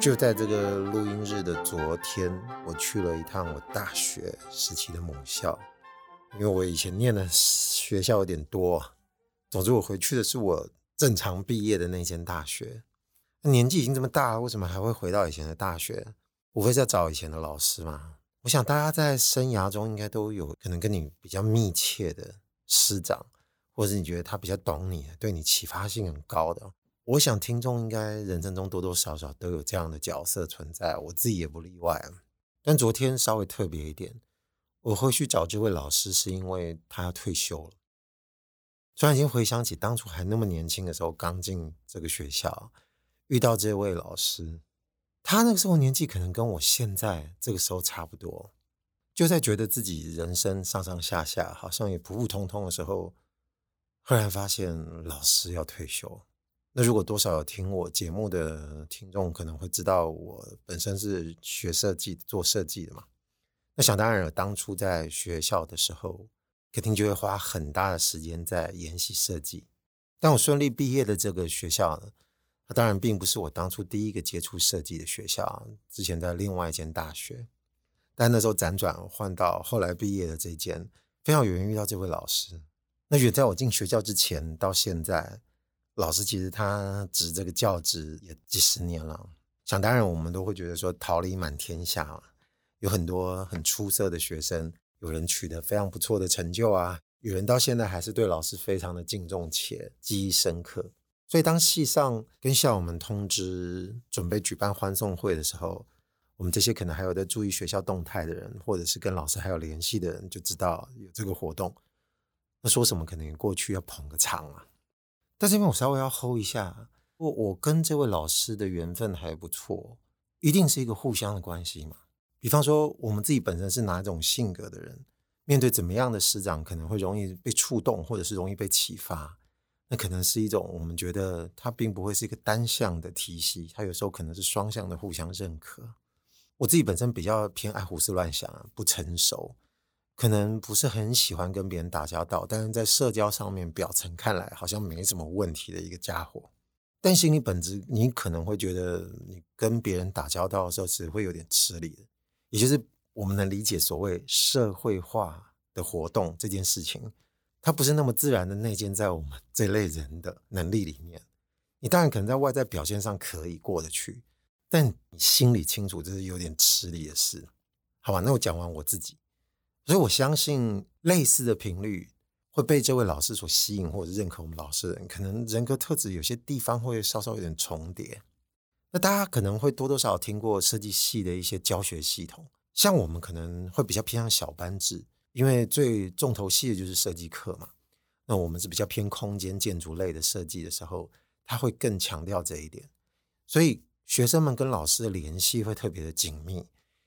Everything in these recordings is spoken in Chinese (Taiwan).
就在這個錄音日的昨天，我去了一趟我大學時期的母校，因為我以前念的學校有點多。總之，我回去的是我正常畢業的那間大學。年紀已經這麼大了，為什麼還會回到以前的大學？無非在找以前的老師嘛。我想大家在生涯中應該都有可能跟你比較密切的師長，或者你覺得他比較懂你，對你啟發性很高的。我想聽眾應該人生中多多少少都有這樣的角色存在，我自己也不例外。但昨天稍微特別一點，我會去找這位老師是因為他要退休了。突然間回想起當初還那麼年輕的時候，剛進這個學校，遇到這位老師。他那個時候的年紀可能跟我現在這個時候差不多，就在覺得自己人生上上下下好像也普普通通的時候，忽然發現老師要退休。那如果多少有聽我節目的聽眾可能會知道，我本身是學設計做設計的嘛。那想當然了，當初在學校的時候，肯定就會花很大的時間在研習設計。但我順利畢業的這個學校。那當然並不是我當初第一個接觸設計的學校，之前在另外一間大學，但那時候輾轉換到後來畢業的這間，非常有緣遇到這位老師。那遠在我進學校之前到現在，老師其實他執這個教職也幾十年了。想當然我們都會覺得說桃李滿天下，有很多很出色的學生，有人取得非常不錯的成就啊，有人到現在還是對老師非常的敬重且記憶深刻。所以當系上跟校友們通知準備舉辦歡送會的時候，我們這些可能還有在注意學校動態的人，或者是跟老師還有聯繫的人，就知道有這個活動。那說什麼？可能過去要捧個場啊。但是因為我稍微要 hold 一下，我我跟這位老師的緣分還不錯，一定是一個互相的關係嘛。比方說我們自己本身是哪種性格的人，面對怎麼樣的師長，可能會容易被觸動，或者是容易被啟發。那可能是一種我們覺得它，並不會是一個單向的體系，它有時候可能是雙向的互相認可。我自己本身比較偏愛胡思亂想，不成熟，可能不是很喜歡跟別人打交道，但是在社交上面表層看來好像沒什麼問題的一個家伙，但心理本質你可能會覺得你跟別人打交道的時候只會有點吃力的，也就是我們能理解所謂社會化的活動這件事情。他不是那麼自然的內建在我們這類人的能力裡面，你當然可能在外在表現上可以過得去，但你心裡清楚這是有點吃力的事，好吧？那我講完我自己，所以我相信類似的頻率會被這位老師所吸引或者認可我們老師的人，可能人格特質有些地方會稍稍有點重疊，那大家可能會多多少少聽過設計系的一些教學系統，像我們可能會比較偏向小班制。因為最重頭戲的就是設計課嘛，那我們是比較偏空間建築類的設計的時候，他會更強調這一點，所以學生們跟老師的聯繫會特別的緊密，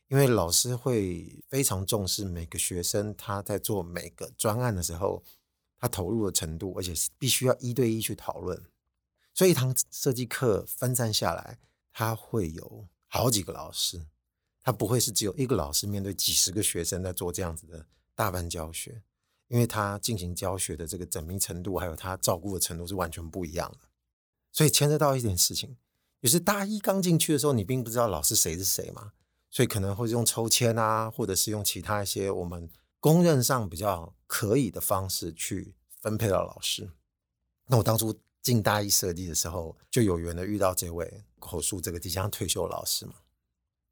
因為老師會非常重視每個學生他在做每個專案的時候，他投入的程度，而且是必須要一對一去討論，所以一堂設計課分散下來，他會有好幾個老師，他不會是只有一個老師面對幾十個學生在做這樣子的。大班教學，因為他進行教學的這個縝密程度，還有他照顧的程度是完全不一樣的，所以牽扯到一點事情，就是大一剛進去的時候，你並不知道老師誰是誰嘛，所以可能會用抽籤啊，或者是用其他一些我們公認上比較可以的方式去分配到老師。那我當初進大一設計的時候，就有緣的遇到這位口述這個即將退休的老師嘛。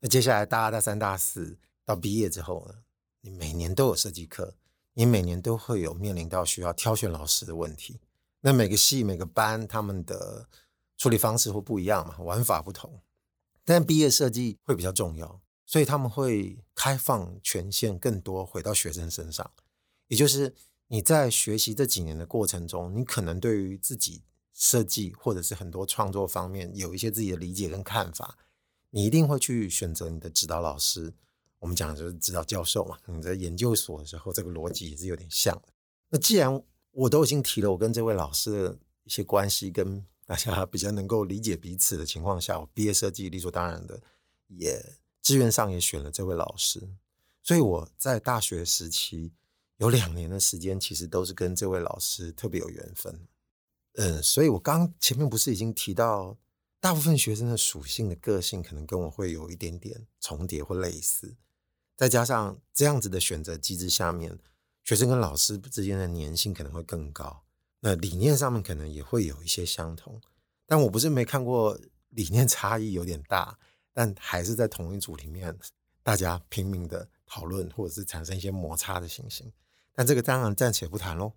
那接下來大二、大三、大四到畢業之後呢，你每年都有設計課，你每年都會有面臨到需要挑選老師的問題。那每個系每個班他們的處理方式會不一樣嘛，玩法不同。但畢業設計會比較重要，所以他們會開放權限更多回到學生身上。也就是你在學習這幾年的過程中，你可能對於自己設計或者是很多創作方面有一些自己的理解跟看法，你一定會去選擇你的指導老師。我們講的就是指導教授嘛，你在研究所的時候，這個邏輯也是有點像的。那既然我都已經提了，我跟這位老師的一些關係，跟大家比較能夠理解彼此的情況下，我畢業設計理所當然的，也志願上也選了這位老師。所以我在大學時期有兩年的時間，其實都是跟這位老師特別有緣分。嗯，所以我剛前面不是已經提到，大部分學生的屬性的個性可能跟我會有一點點重疊或類似。再加上這樣子的選擇機制，下面學生跟老師之間的粘性可能會更高，那理念上面可能也會有一些相同。但我不是沒看過理念差異有點大，但還是在同一組裡面，大家拼命的討論或者是產生一些摩擦的情形。但這個當然暫且不談嘍。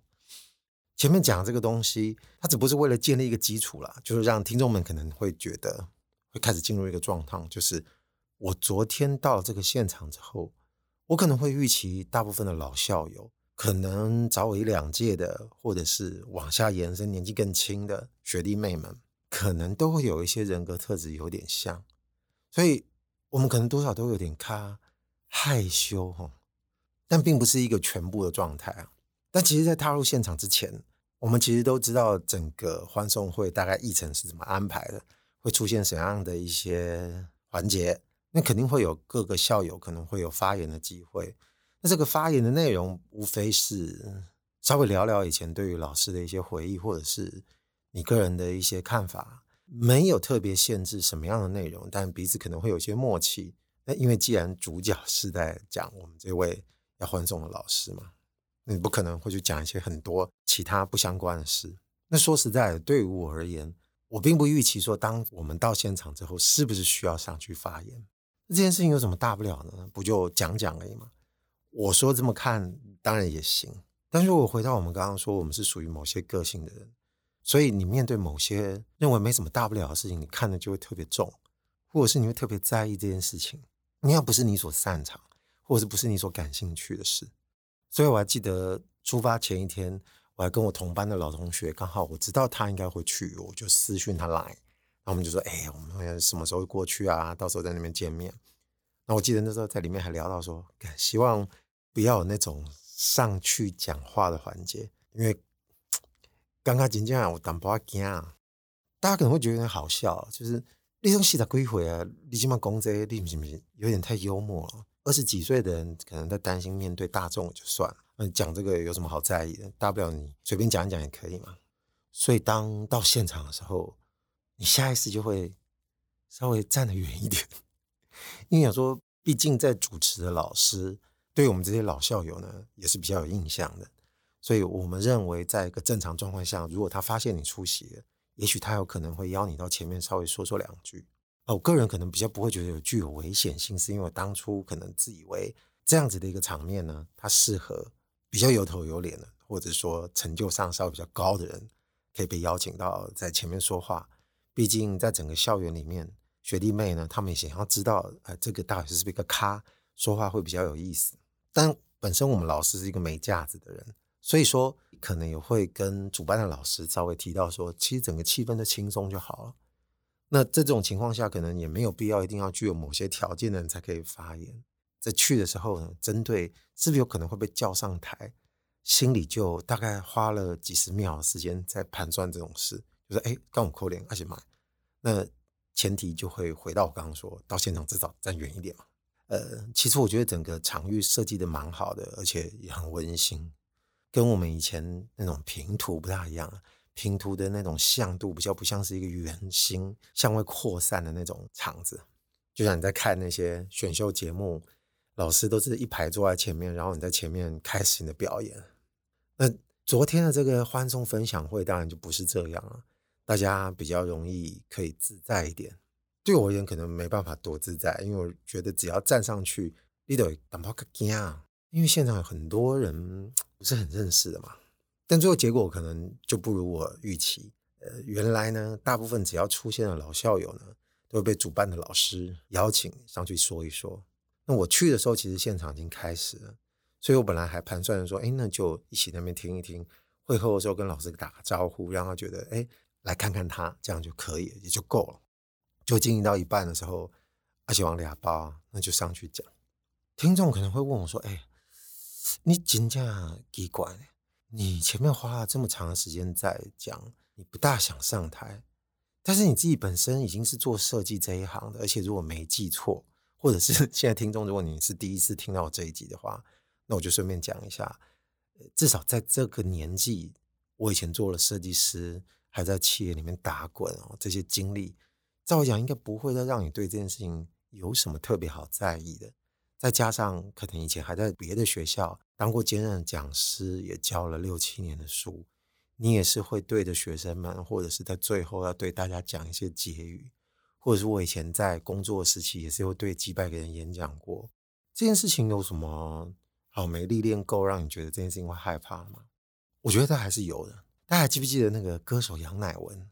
前面講這個東西，它只不過是為了建立一個基礎啦，就是讓聽眾們可能會覺得會開始進入一個狀況，就是。我昨天到這個現場之後，我可能會預期大部分的老校友，可能早我一兩屆的，或者是往下延伸年紀更輕的學弟妹們，可能都會有一些人格特質有點像，所以我們可能多少都有點咖害羞哈，但並不是一個全部的狀態啊。但其實，在踏入現場之前，我們其實都知道整個歡送會大概議程是怎麼安排的，會出現什麼樣的一些環節。那肯定會有各個校友可能會有發言的機會。那這個發言的內容無非是稍微聊聊以前對於老師的一些回憶，或者是你個人的一些看法，沒有特別限制什麼樣的內容。但彼此可能會有一些默契。那因為既然主角是在講我們這位要歡送的老師嘛，那你不可能會去講一些很多其他不相關的事。那說實在的，對於我而言，我並不預期說當我們到現場之後是不是需要上去發言。這件事情有什麼大不了呢？不就講講而已嘛。我說這麼看當然也行，但是我回到我們剛剛說，我們是屬於某些個性的人，所以你面對某些認為沒什麼大不了的事情，你看的就會特別重，或者是你會特別在意這件事情。你要不是你所擅長，或者不是你所感興趣的事，所以我還記得出發前一天，我還跟我同班的老同學，剛好我知道他應該會去，我就私訊他來。那我們就說，哎、欸，我們什麼時候過去啊？到時候在那邊見面。那我記得那時候在裡面還聊到說，希望不要有那種上去講話的環節，因為剛剛今天我膽比較驚啊。大家可能會覺得有點好笑，就是那種西在歸回啊，你起碼工這你行不行，有點太幽默了。二十幾歲的人可能在擔心面對大眾就算了，那你講這個有什麼好在意的？大不了你隨便講一講也可以嘛。所以當到現場的時候。你下一次就會稍微站得遠一點，因為想說，畢竟在主持的老師對我們這些老校友呢，也是比較有印象的，所以我們認為，在一個正常狀況下，如果他發現你出席了，也許他有可能會邀你到前面稍微說說兩句啊。我個人可能比較不會覺得有具有危險性，是因為我當初可能自以為這樣子的一個場面呢，它適合比較有頭有臉的，或者說成就上稍微比較高的人，可以被邀請到在前面說話。畢竟，在整個校園裡面，學弟妹呢，他們也想要知道，呃，這個大學是不是一個咖，說話會比較有意思。但本身我們老師是一個沒架子的人，所以說可能也會跟主辦的老師稍微提到說，其實整個氣氛的輕鬆就好了。那這種情況下，可能也沒有必要一定要具有某些條件的人才可以發言。在去的時候呢，針對是不是有可能會被叫上台，心裡就大概花了幾十秒的時間在盤算這種事。就是哎，剛我們扣臉，而且買。那前提就會回到我剛剛說到現場，至少站遠一點嘛。呃，其實我覺得整個場域設計得蠻好的，而且也很溫馨，跟我們以前那種平圖不大一樣。平圖的那種向度比較不像是一個圓形向外擴散的那種場子，就像你在看那些選秀節目，老師都是一排坐在前面，然後你在前面開始你的表演。那昨天的這個歡送分享會，當然就不是這樣了，啊。大家比較容易可以自在一點，對我而言可能沒辦法多自在，因為我覺得只要站上去，你會，因為現場有很多人不是很認識的嘛。但最後結果可能就不如我預期。呃，原來呢，大部分只要出現的老校友呢，都會被主辦的老師邀請上去說一說。那我去的時候，其實現場已經開始了，所以我本來還盤算着說，哎，那就一起那邊聽一聽，會後的時候跟老師打個招呼，讓他覺得，哎。來看看他，這樣就可以了，也就夠了。就經營到一半的時候，而且往兩包，啊，那就上去講。聽眾可能會問我說：“哎、欸，你真的奇怪欸，你前面花了這麼長的時間在講，你不大想上台，但是你自己本身已經是做設計這一行的，而且如果沒記錯，或者是現在聽眾，如果你是第一次聽到我這一集的話，那我就順便講一下，呃。至少在這個年紀，我以前做了設計師。”還在企業裡面打滾哦，這些經歷，在我講應該不會再讓你對這件事情有什麼特別好在意的。再加上可能以前還在別的學校當過兼任講師，也教了六七年的書，你也是會對着學生們，或者是在最後要對大家講一些結語，或者是我以前在工作時期也是會對幾百個人演講過。這件事情有什麼好沒歷練夠，讓你覺得這件事情會害怕嗎？我覺得它還是有的。大家記不記得那個歌手楊乃文？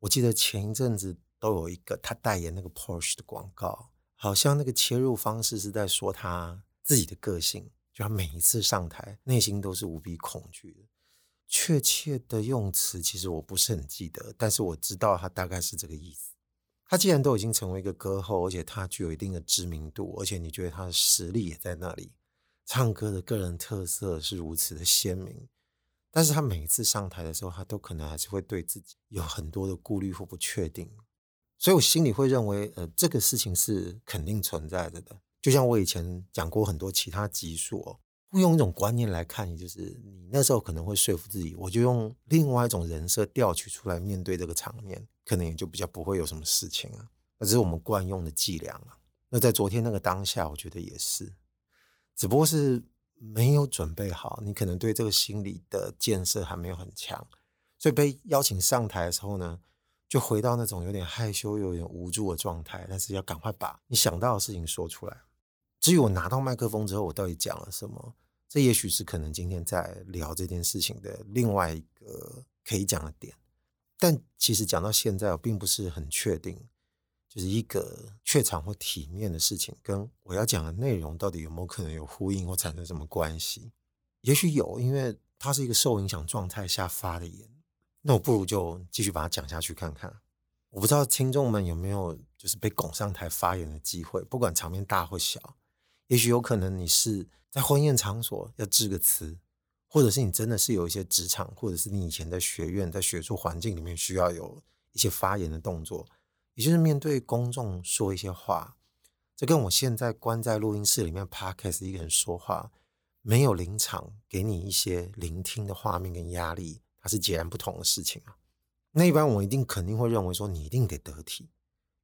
我記得前一陣子都有一個他代言那個 Porsche 的廣告，好像那個切入方式是在說他自己的個性，就他每一次上台內心都是無比恐懼的。確切的用詞其實我不是很記得，但是我知道他大概是這個意思。他既然都已經成為一個歌後，而且他具有一定的知名度，而且你覺得他的實力也在那裡，唱歌的個人特色是如此的鮮明。但是他每一次上台的時候，他都可能還是會對自己有很多的顧慮或不確定，所以我心裡會認為，呃，這個事情是肯定存在著的。就像我以前講過很多其他集數，會用一種觀念來看，你就是你那時候可能會說服自己，我就用另外一種人設調取出來面對這個場面，可能也就比較不會有什麼事情啊。那只是我們慣用的伎倆啊。那在昨天那個當下，我覺得也是，只不過是。沒有準備好，你可能對這個心理的建設還沒有很強，所以被邀請上台的時候呢，就回到那種有點害羞、有點無助的狀態。但是要趕快把你想到的事情說出來。至於我拿到麥克風之後，我到底講了什麼，這也許是可能今天在聊這件事情的另外一個可以講的點。但其實講到現在，我並不是很確定。就是一個怯場或體面的事情，跟我要講的內容到底有沒有可能有呼應或產生什麼關係？也許有，因為它是一個受影響狀態下發的言，那我不如就繼續把它講下去看看。我不知道聽眾們有沒有就是被拱上台發言的機會，不管場面大或小，也許有可能你是在婚宴場所要致個詞，或者是你真的是有一些職場，或者是你以前在學院在學術環境裡面需要有一些發言的動作。也就是面對公眾說一些話，這跟我現在關在錄音室裡面 podcast 一個人說話，沒有臨場給你一些聆聽的畫面跟壓力，它是截然不同的事情啊。那一般我一定肯定會認為說你一定得得體，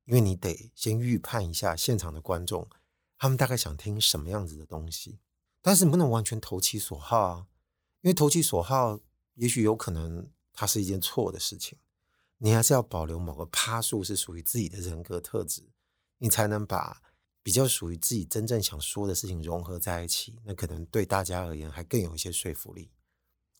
因為你得先預判一下現場的觀眾，他們大概想聽什麼樣子的東西。但是你不能完全投其所好啊，因為投其所好，也許有可能它是一件錯的事情。你還是要保留某個趴數是屬於自己的人格特質，你才能把比較屬於自己真正想說的事情融合在一起。那可能對大家而言還更有一些說服力。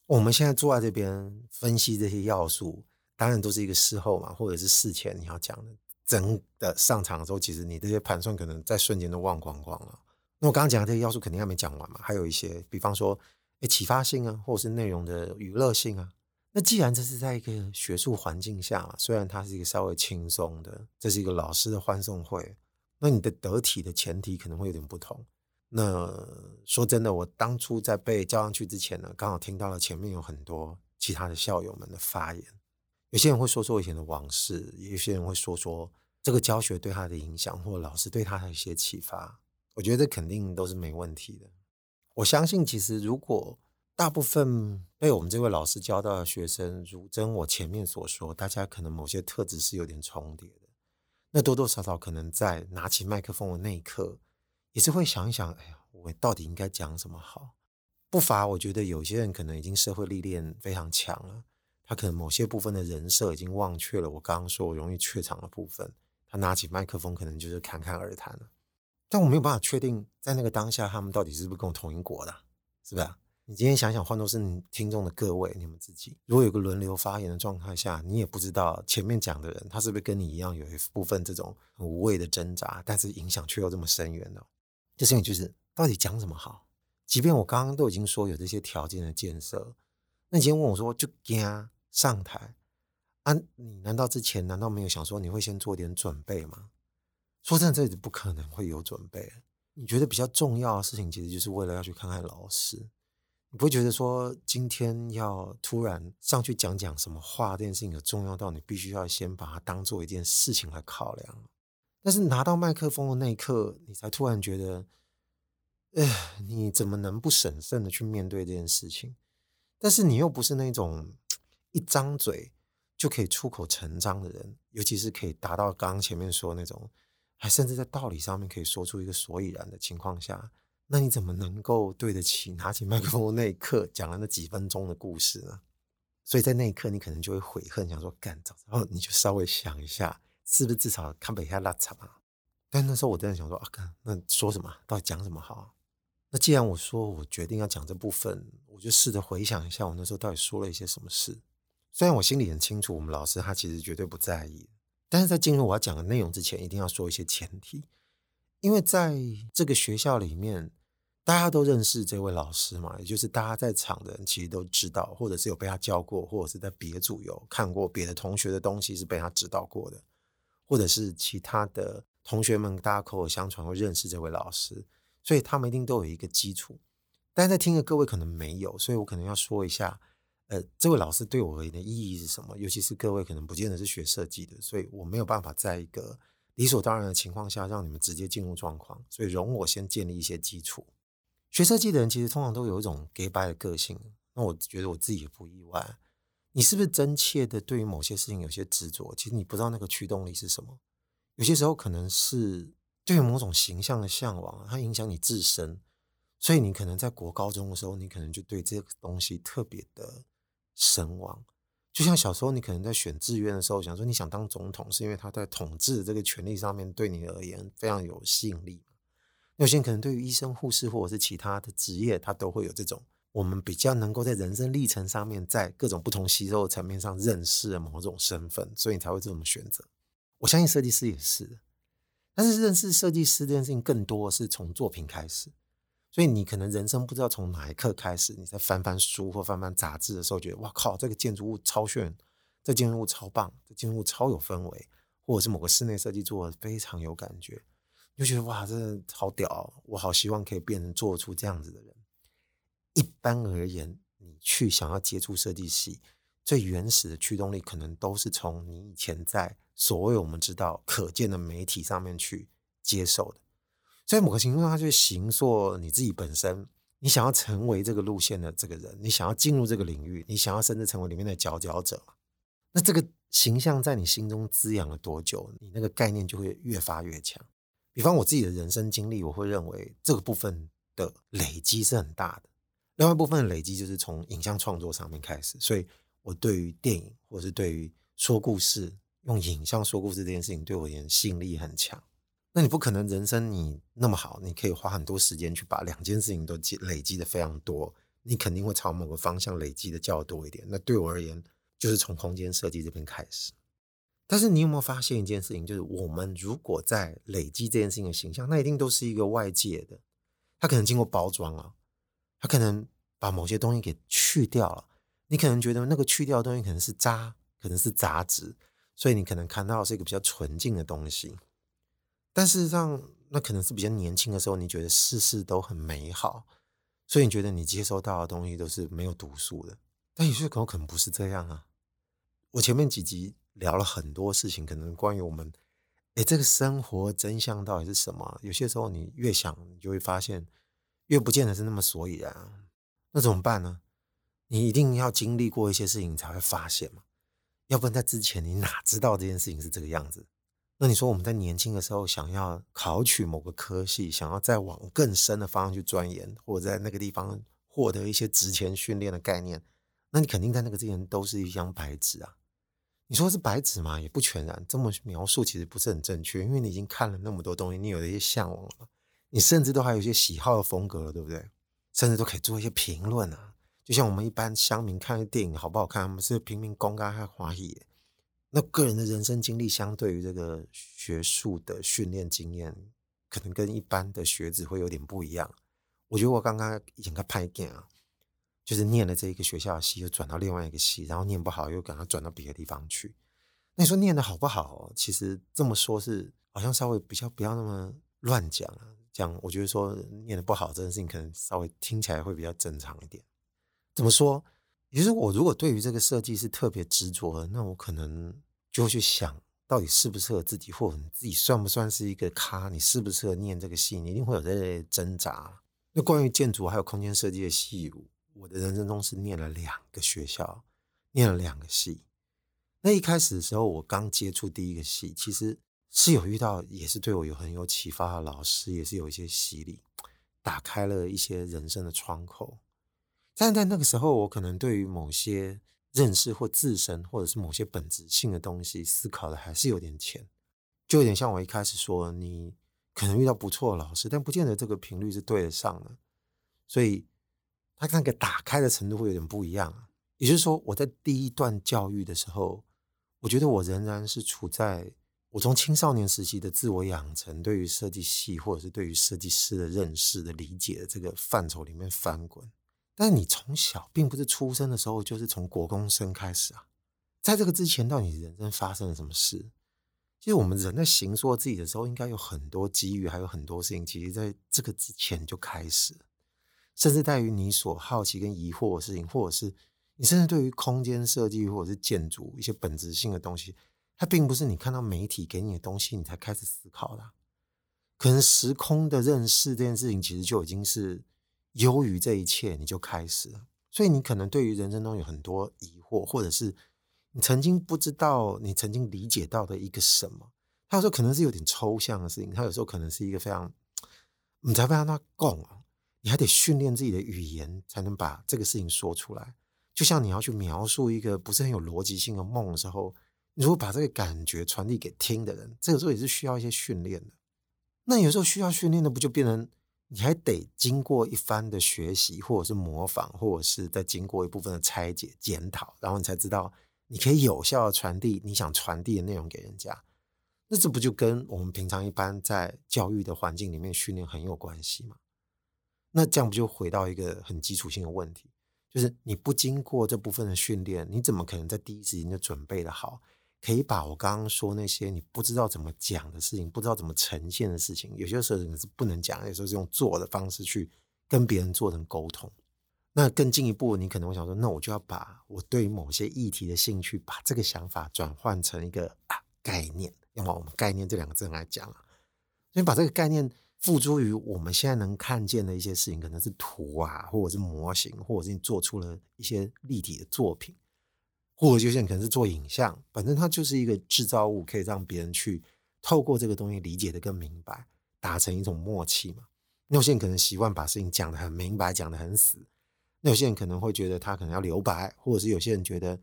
我們現在坐在這邊分析這些要素，當然都是一個事後嘛，或者是事前你要講的。真的上場的時候，其實你這些盤算可能在瞬間都忘光光了。那我剛剛講的這些要素肯定還沒講完嘛，還有一些，比方說，哎，啟發性啊，或者是內容的娛樂性啊。那既然這是在一個學術環境下，雖然它是一個稍微輕鬆的，這是一個老師的歡送會，那你的得體的前提可能會有點不同。那說真的，我當初在被叫上去之前呢，剛好聽到了前面有很多其他的校友們的發言，有些人會說說以前的往事，有些人會說說這個教學對他的影響，或老師對他的一些啟發，我覺得這肯定都是沒問題的。我相信，其實如果。大部分被我們這位老師教到的學生，如真我前面所說，大家可能某些特質是有點重疊的。那多多少少可能在拿起麥克風的那一刻，也是會想一想：哎呀，我到底應該講什麼好？不乏我覺得有些人可能已經社會歷練非常強了，他可能某些部分的人設已經忘卻了。我剛剛說我容易怯場的部分，他拿起麥克風可能就是侃侃而談了。但我沒有辦法確定在那個當下，他們到底是不是跟我同一國的，是不是啊？你今天想想，換作是你聽眾的各位，你們自己，如果有個輪流發言的狀態下，你也不知道前面講的人，他是不是跟你一樣，有一部分這種很無謂的掙扎，但是影響卻又這麼深遠的。這事情就是到底講什麼好？即便我剛剛都已經說有這些條件的建設，那你今天問我說就敢上台啊？你難道之前難道沒有想說你會先做點準備嗎？說真的，這裡不可能會有準備。你覺得比較重要的事情，其實就是為了要去看看老師。不會覺得說今天要突然上去講講什麼話這件事情有重要到你必須要先把它當做一件事情來考量。但是拿到麥克風的那一刻，你才突然覺得，哎，你怎麼能不審慎的去面對這件事情？但是你又不是那種一張嘴就可以出口成章的人，尤其是可以達到剛剛前面說的那種，還甚至在道理上面可以說出一個所以然的情況下。那你怎麼能夠對得起拿起麥克風那一刻講了那幾分鐘的故事呢？所以在那一刻，你可能就會悔恨，想說：“幹，早知道、哦、你就稍微想一下，是不是至少看白一下落差啊？”但那時候我真的想說：“啊，幹，那說什麼？到底講什麼好、啊？”那既然我說我決定要講這部分，我就試着回想一下我那時候到底說了一些什麼事。雖然我心裡很清楚，我們老師他其實絕對不在意，但是在進入我要講的內容之前，一定要說一些前提，因為在這個學校裡面。大家都認識這位老師嘛，也就是大家在場的人其實都知道，或者是有被他教過，或者是在別的組有看過別的同學的東西是被他指導過的，或者是其他的同學們大家口口相傳會認識這位老師，所以他們一定都有一個基礎。但在聽的各位可能沒有，所以我可能要說一下，呃，這位老師對我而言的意義是什麼？尤其是各位可能不見得是學設計的，所以我沒有辦法在一個理所當然的情況下讓你們直接進入狀況，所以容我先建立一些基礎。學設計的人其實通常都有一種潔癖的個性，那我覺得我自己也不意外。你是不是真切的對於某些事情有些執着？其實你不知道那個驅動力是什麼。有些時候可能是對於某種形象的嚮往，它影響你自身，所以你可能在國高中的時候，你可能就對這個東西特別的神往。就像小時候你可能在選志願的時候，想說你想當總統，是因為他在統治的這個權力上面對你而言非常有吸引力。有些人可能對於醫生、護士或者是其他的職業，他都會有這種我們比較能夠在人生歷程上面，在各種不同吸收的層面上認識的某種身份，所以你才會這麼選擇。我相信設計師也是，但是認識設計師這件事情更多的是從作品開始。所以你可能人生不知道從哪一刻開始，你在翻翻書或翻翻雜誌的時候，覺得哇靠，這個建築物超炫，這建築物超棒，這建築物超有氛圍，或者是某個室內設計做得非常有感覺。就覺得哇，這好屌！我好希望可以變成做出這樣子的人。一般而言，你去想要接觸設計系，最原始的驅動力可能都是從你以前在所謂我們知道可見的媒體上面去接受的。所以某個形象，它就形塑你自己本身。你想要成為這個路線的這個人，你想要進入這個領域，你想要甚至成為裡面的佼佼者，那這個形象在你心中滋養了多久，你那個概念就會越發越強。比方我自己的人生經歷，我會認為這個部分的累積是很大的。另外一部分的累積就是從影像創作上面開始，所以我對於電影或者是對於說故事、用影像說故事這件事情，對我而言吸引力很強。那你不可能人生你那麼好，你可以花很多時間去把兩件事情都累積得非常多，你肯定會朝某個方向累積的較多一點。那對我而言，就是從空間設計這邊開始。但是你有沒有發現一件事情？就是我們如果在累積這件事情的形象，那一定都是一個外界的，它可能經過包裝了，啊，它可能把某些東西給去掉了。你可能覺得那個去掉的東西可能是渣，可能是雜質，所以你可能看到的是一個比較純淨的東西。但事實上，那可能是比較年輕的時候，你覺得事事都很美好，所以你覺得你接收到的東西都是沒有毒素的。但有些狗可能不是這樣啊。我前面幾集。聊了很多事情，可能關於我們，誒、欸，這個生活真相到底是什麼？有些時候你越想，你就會發現，越不見得是那麼所以然啊，那怎麼辦呢？你一定要經歷過一些事情，才會發現嘛。要不然在之前，你哪知道這件事情是這個樣子？那你說我們在年輕的時候想要考取某個科系，想要再往更深的方向去鑽研，或者在那個地方獲得一些職前訓練的概念，那你肯定在那個之前都是一張白紙啊。你說是白紙嘛？也不全然，這麼描述其實不是很正確。因為你已經看了那麼多東西，你有一些嚮往了嘛，你甚至都還有一些喜好的風格了，對不對？甚至都可以做一些評論啊。就像我們一般鄉民看個電影好不好看，我們是平民公開看華語。那個人的人生經歷，相對於這個學術的訓練經驗，可能跟一般的學子會有點不一樣。我覺得我剛剛已經拍鏡了。就是念了這一個學校的系，又轉到另外一個系，然後念不好，又趕快轉到別的地方去。那你說念得好不好？其實這麼說，是好像稍微比較不要那麼亂講。講，我覺得說念得不好的這件事情，可能稍微聽起來會比較正常一點。怎麼說？其實我如果對於這個設計是特別執着的，那我可能就會去想到底適不適合自己，或者你自己算不算是一個咖，你適不適合念這個系，你一定會有在掙扎。那關於建築還有空間設計的系，我的人生中是念了兩個學校，念了兩個系。那一開始的時候，我剛接觸第一個系，其實是有遇到，也是對我有很有啟發的老師，也是有一些洗禮，打開了一些人生的窗口。但在那個時候，我可能對於某些認識或自身，或者是某些本質性的東西，思考的還是有點淺。就有點像我一開始說，你可能遇到不錯的老師，但不見得這個頻率是對得上的。所以。他、那、看個打開的程度會有點不一樣啊，也就是說，我在第一段教育的時候，我覺得我仍然是處在我從青少年時期的自我養成，對於設計系或者是對於設計師的認識的理解的這個範疇裡面翻滾。但是你從小，並不是出生的時候就是從國公生開始啊，在這個之前，到底人生發生了什麼事？其實我們人在形塑自己的時候，應該有很多機遇，還有很多事情，其實在這個之前就開始。甚至在於你所好奇跟疑惑的事情，或者是你甚至對於空間設計或者是建築一些本質性的東西，它並不是你看到媒體給你的東西，你才開始思考的，啊。可能時空的認識這件事情，其實就已經是由於這一切，你就開始了。所以你可能對於人生中有很多疑惑，或者是你曾經不知道，你曾經理解到的一個什麼，他有時候可能是有點抽象的事情，他有時候可能是一個非常你才被他共。你還得訓練自己的語言，才能把這個事情說出來。就像你要去描述一個不是很有邏輯性的夢的時候，你如果把這個感覺傳遞給聽的人，這個時候也是需要一些訓練的。那有時候需要訓練的，不就變成你還得經過一番的學習，或者是模仿，或者是再經過一部分的拆解、檢討，然後你才知道你可以有效的傳遞你想傳遞的內容給人家。那這不就跟我們平常一般在教育的環境裡面訓練很有關係嗎？那這樣不就回到一個很基礎性的問題，就是你不經過這部分的訓練，你怎麼可能在第一時間就準備的好？可以把我剛剛說那些你不知道怎麼講的事情，不知道怎麼呈現的事情，有些時候你是不能講，有些時候是用做的方式去跟別人做成溝通。那更進一步，你可能會想說，那我就要把我對某些議題的興趣，把這個想法轉換成一個啊概念，要麼我們概念這兩個字來講啊，所以把這個概念。付諸於我們現在能看見的一些事情，可能是圖啊，或者是模型，或者是你做出了一些立體的作品，或者有些人可能是做影像，反正它就是一個製造物，可以讓別人去透過這個東西理解得更明白，達成一種默契嘛。那有些人可能習慣把事情講得很明白，講得很死；那有些人可能會覺得他可能要留白，或者是有些人覺得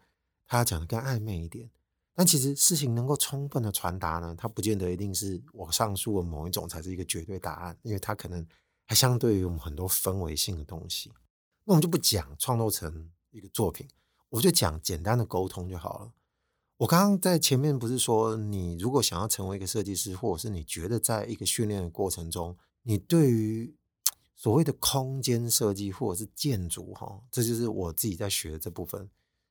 他要講得更曖昧一點。但其實事情能夠充分的傳達呢，它不見得一定是我上述的某一種才是一個絕對答案，因為它可能還相對於我們很多氛圍性的東西。那我們就不講創作成一個作品，我就講簡單的溝通就好了。我剛剛在前面不是說，你如果想要成為一個設計師，或者是你覺得在一個訓練的過程中，你對於所謂的空間設計或者是建築哈，這就是我自己在學的這部分，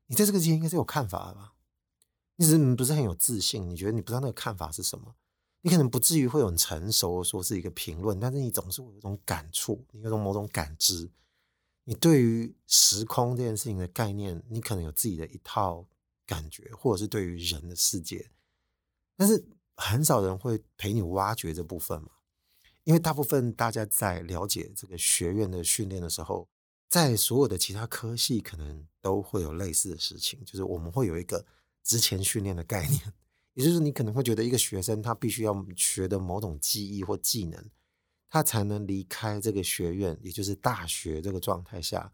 你在這個之間應該是有看法的吧？一直不是很有自信，你覺得你不知道那個看法是什麼？你可能不至於會有很成熟的說是一個評論，但是你總是有一種感觸，你有一種某種感知。你對於時空這件事情的概念，你可能有自己的一套感覺，或者是對於人的世界，但是很少人會陪你挖掘這部分嘛。因為大部分大家在了解這個學院的訓練的時候，在所有的其他科系可能都會有類似的事情，就是我們會有一個。之前訓練的概念，也就是你可能會覺得一個學生他必須要學的某種技藝或技能，他才能離開這個學院，也就是大學這個狀態下，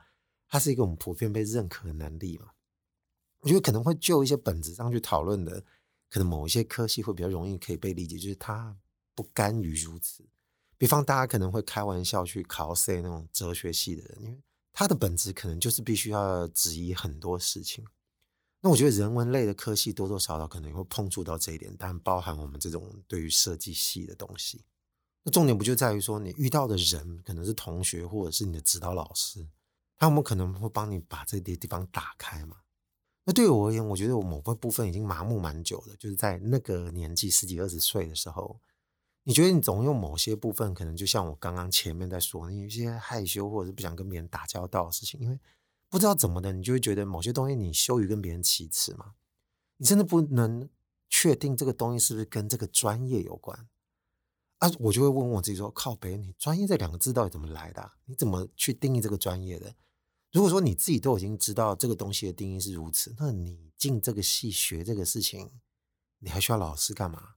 他是一個我們普遍被認可的能力嘛？因為可能會就一些本質上去討論的，可能某一些科系會比較容易可以被理解，就是他不甘於如此。比方大家可能會開玩笑去嘲笑那種哲學系的人，因為他的本質可能就是必須要質疑很多事情。那我覺得人文類的科系多多少少可能會碰觸到這一點，當然包含我們這種對於設計系的東西。那重點不就在於說，你遇到的人可能是同學或者是你的指導老師，他有沒有可能會幫你把這些地方打開嘛？那對我而言，我覺得我某個部分已經麻木蠻久了，就是在那個年紀十幾二十歲的時候，你覺得你總有某些部分，可能就像我剛剛前面在說，你有一些害羞或者是不想跟別人打交道的事情，因為，不知道怎麼的，你就會覺得某些東西你羞於跟別人啟齒嘛？你真的不能確定這個東西是不是跟這個專業有關啊？我就會問我自己說：“靠北，你專業這兩個字到底怎麼來的啊？你怎麼去定義這個專業的？如果說你自己都已經知道這個東西的定義是如此，那你進這個系學這個事情，你還需要老師幹嘛？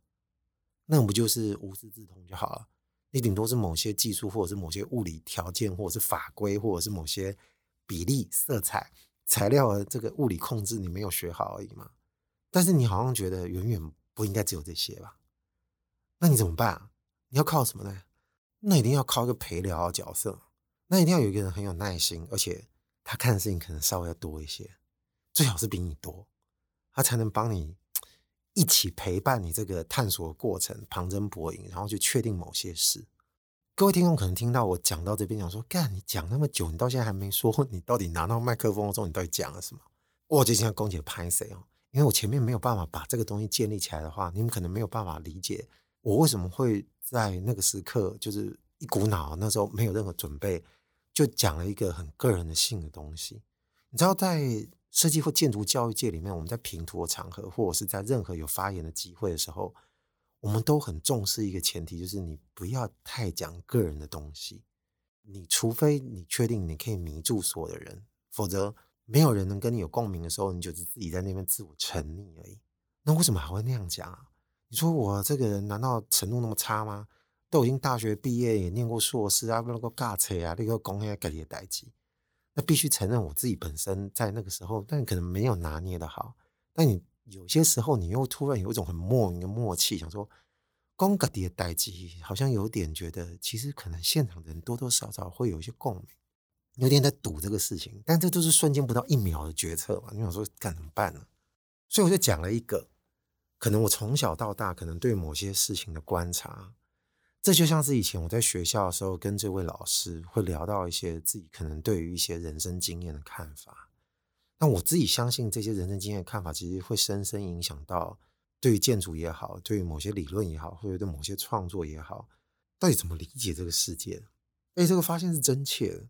那不就是無師自通就好了？你頂多是某些技術，或者是某些物理條件，或者是法規，或者是某些……比例、色彩、材料這個物理控制，你沒有學好而已嘛？但是你好像覺得遠遠不應該只有這些吧？那你怎麼辦啊？你要靠什麼呢？那一定要靠一個陪聊角色，那一定要有一個人很有耐心，而且他看的事情可能稍微要多一些，最好是比你多，他才能幫你一起陪伴你這個探索的過程，旁徵博引，然後去確定某些事。各位聽眾可能聽到我講到這邊，講說幹，你講那麼久，你到現在還沒說，你到底拿到麥克風的時候，你到底講了什麼？我就像公姐拍誰哦，因為我前面沒有辦法把這個東西建立起來的話，你們可能沒有辦法理解我為什麼會在那個時刻，就是一股腦，那時候沒有任何準備，就講了一個很個人的性的東西。你知道，在設計或建築教育界裡面，我們在評圖的場合，或者是在任何有發言的機會的時候。我們都很重視一個前提，就是你不要太講個人的東西。你除非你確定你可以迷住所有的人，否則沒有人能跟你有共鳴的時候，你就是自己在那邊自我沉溺而已。那為什麼還會那樣講啊？你說我這個人難道程度那麼差嗎？都已經大學畢業，也念過碩士啊，不能夠尬扯啊，那個工也隔的代際。那必須承認我自己本身在那個時候，但可能沒有拿捏得好。但你。有些時候，你又突然有一種很莫名的默契，想說，光個的待機好像有點覺得，其實可能現場的人多多少少會有一些共鳴，有點在賭這個事情，但這都是瞬間不到一秒的決策嘛，你想說該怎麼辦呢？所以我就講了一個，可能我從小到大，可能對某些事情的觀察，這就像是以前我在學校的時候，跟這位老師會聊到一些自己可能對於一些人生經驗的看法。那我自己相信，這些人生經驗的看法，其實會深深影響到對於建築也好，對於某些理論也好，或者對某些創作也好，到底怎麼理解這個世界？哎，這個發現是真切的。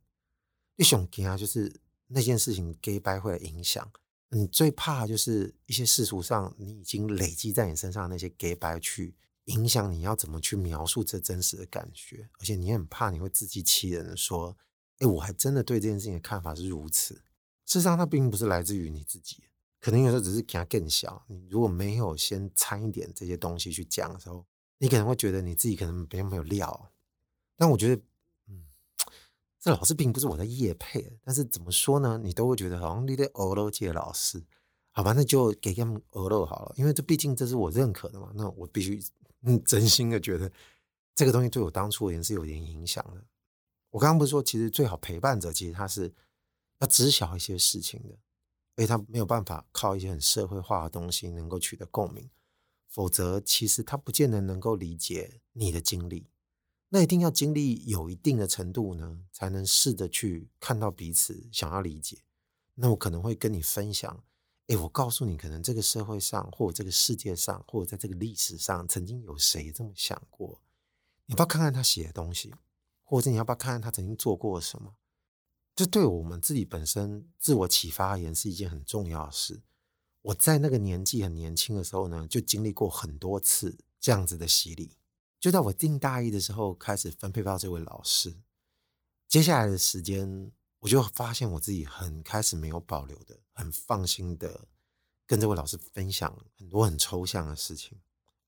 一種驚訝就是那件事情給白，會來影響你。你最怕就是一些世俗上你已經累積在你身上的那些給白，去影響你要怎麼去描述這真實的感覺。而且你也很怕你會自欺欺人的，說：“哎，我還真的對這件事情的看法是如此。”事實上，它並不是來自於你自己，可能有時候只是給他更小。你如果沒有先摻一點這些東西去講的時候，你可能會覺得你自己可能沒有料。但我覺得，嗯，這老師並不是我在業配，但是怎麼說呢？你都會覺得好像你得偶爾接老師，好吧，那就給點偶爾好了，因為這畢竟這是我認可的嘛。那我必須，真心的覺得這個東西對我當初也是有點影響的。我剛剛不是說，其實最好陪伴者，其實他是。他知曉一些事情的，因為他沒有辦法靠一些很社會化的東西能夠取得共鳴，否則其實他不見得能夠理解你的經歷。那一定要經歷有一定的程度呢，才能試着去看到彼此想要理解。那我可能會跟你分享，誒，我告訴你，可能這個社會上，或者這個世界上，或者在這個歷史上，曾經有誰這麼想過？你要不要看看他寫的東西，或者你要不要看看他曾經做過什麼？這對我們自己本身自我啟發而言是一件很重要的事。我在那個年紀很年輕的時候呢，就經歷過很多次這樣子的洗禮。就在我進大一的時候開始分配到這位老師，接下來的時間我就發現我自己很開始沒有保留的、很放心的跟這位老師分享很多很抽象的事情。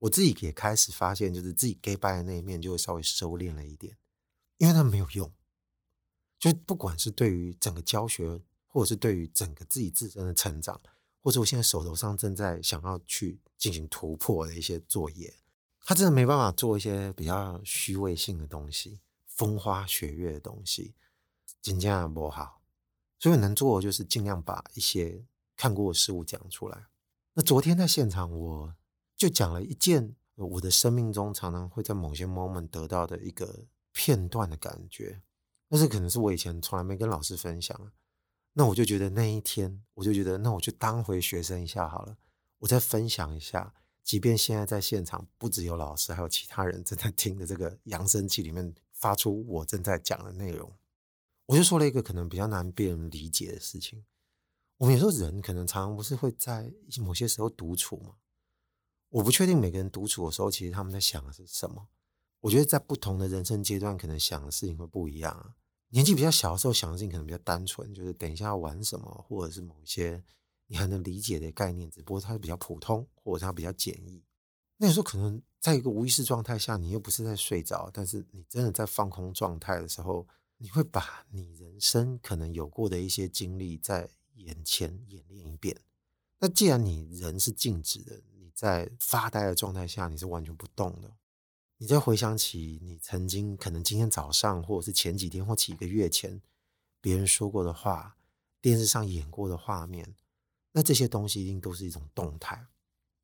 我自己也開始發現，就是自己 give away 的那一面就會稍微收斂了一點，因為它沒有用。就不管是對於整個教學，或者是對於整個自己自身的成長，或者我現在手頭上正在想要去進行突破的一些作業，他真的沒辦法做一些比較虛偽性的東西、風花雪月的東西，盡量磨好。所以能做的就是盡量把一些看過的事物講出來。那昨天在現場，我就講了一件我的生命中常常會在某些 moment 得到的一個片段的感覺。但是可能是我以前從來沒跟老師分享了，那我就覺得那一天，我就覺得那我就當回學生一下好了，我再分享一下。即便現在在現場不只有老師，還有其他人正在聽的這個揚聲器裡面發出我正在講的內容，我就說了一個可能比較難被人理解的事情。我們有時候人可能常常不是會在某些時候獨處嘛？我不確定每個人獨處的時候，其實他們在想的是什麼。我覺得在不同的人生階段，可能想的事情會不一樣啊。年紀比較小的時候，想事情可能比較單純，就是等一下要玩什麼，或者是某一些你還能理解的概念，只不過它是比較普通，或者它比較簡易。那個時候可能在一個無意識狀態下，你又不是在睡着，但是你真的在放空狀態的時候，你會把你人生可能有過的一些經歷在眼前演練一遍。那既然你人是靜止的，你在發呆的狀態下，你是完全不動的。你再回想起你曾經可能今天早上，或者是前幾天，或幾個月前，別人說過的話，電視上演過的畫面，那這些東西一定都是一種動態。